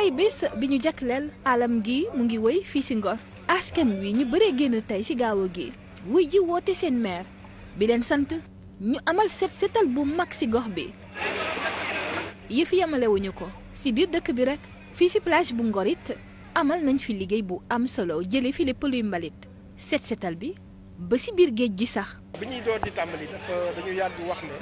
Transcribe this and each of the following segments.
ay bés bi ñu jagleel alam gi mu ngi woy fii si Ngor askan wi ñu bëree génn tey ci gaaw gi wuy ji woote seen meer bi leen sant ñu amal set setal bu mag ci gox bi yëf yamalewuñu ko ci biir dëkk bi rek fii si plage bu Ngor it amal nañ fi liggéey bu am solo jële fi lépp luy mbalit set setal bi ba si biir géej gi sax. bi ñuy door di tàmbali dafa dañu yàgg wax ne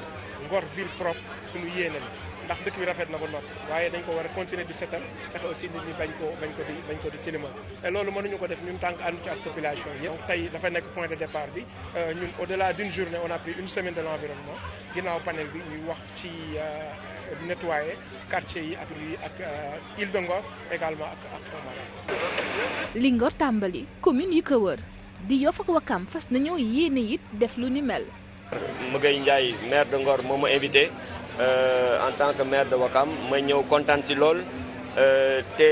Ngor ville propre suñu yéene la ndax dëkk bi rafet na ba noppi waaye dañ ko war a continuer di setal fexe aussi nit ñi bañ ko bañ ko di bañ ko di tilimal te loolu mënuñu ko def ñu tànk ànd ci ak population yëpp tey dafa nekk point de départ bi euh, ñun au delà d'une journée on a pris une semaine de l'environnement ginnaaw panel bi ñuy wax ci euh, nettoyer quartier yi ak rue ak euh, île de Ngor également ak ak Li Ngor tàmbali ko di Yoff ak Wakam fas nañoo yéene it def lu ni mel. Maguette Ndiaye maire de Ngor moom ma invité euh, en tant que maire de Wakam ma ñëw kontaan si lool euh, te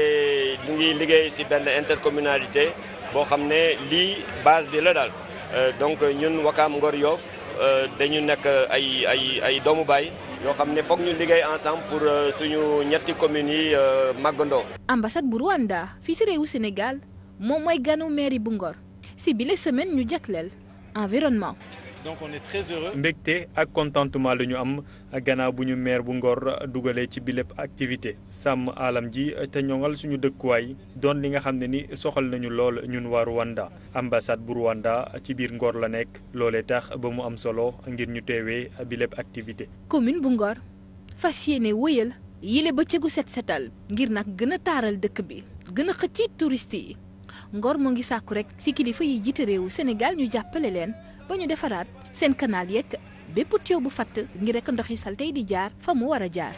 ñu ngi liggéey si benn intercommunalité boo xam ne lii base bi la daal euh, donc ñun Wakam Ngor Yoff dañu nekk ay ay ay doomu baay. yoo xam ne foog ñu liggéey ensemble pour suñu ñetti communes yi màggandoo. ambassade bu Rwanda fii si réewu Sénégal moom mooy ganu mairie bu Ngor. si bile semaine ñu jagleel environnement. donc on est très heureux. ak contentement la ñu am gannaaw bu ñu maire bu Ngor dugalee ci bilépp activité sàmm alam ji te ñoŋal suñu dëkkuwaay doon li nga xam ne ni soxal nañu lool ñun waa Rwanda ambassade bu Rwanda ci biir Ngor la nekk loolee tax ba mu am solo ngir ñu teewee bilépp activité. commune bu Ngor fas yéene wëyal yile bëccëgu set setal ngir nag gën a taaral dëkk bi gën a xëcc touriste yi. Ngor mu ngi sàkku rek ci kilifa yi jiite réewu Sénégal ñu jàppale leen ba ñu defaraat seen kanaal yeeg bépp tuyau bu fatt ngir rek ndoxi salte yi di jaar fa mu war a jaar.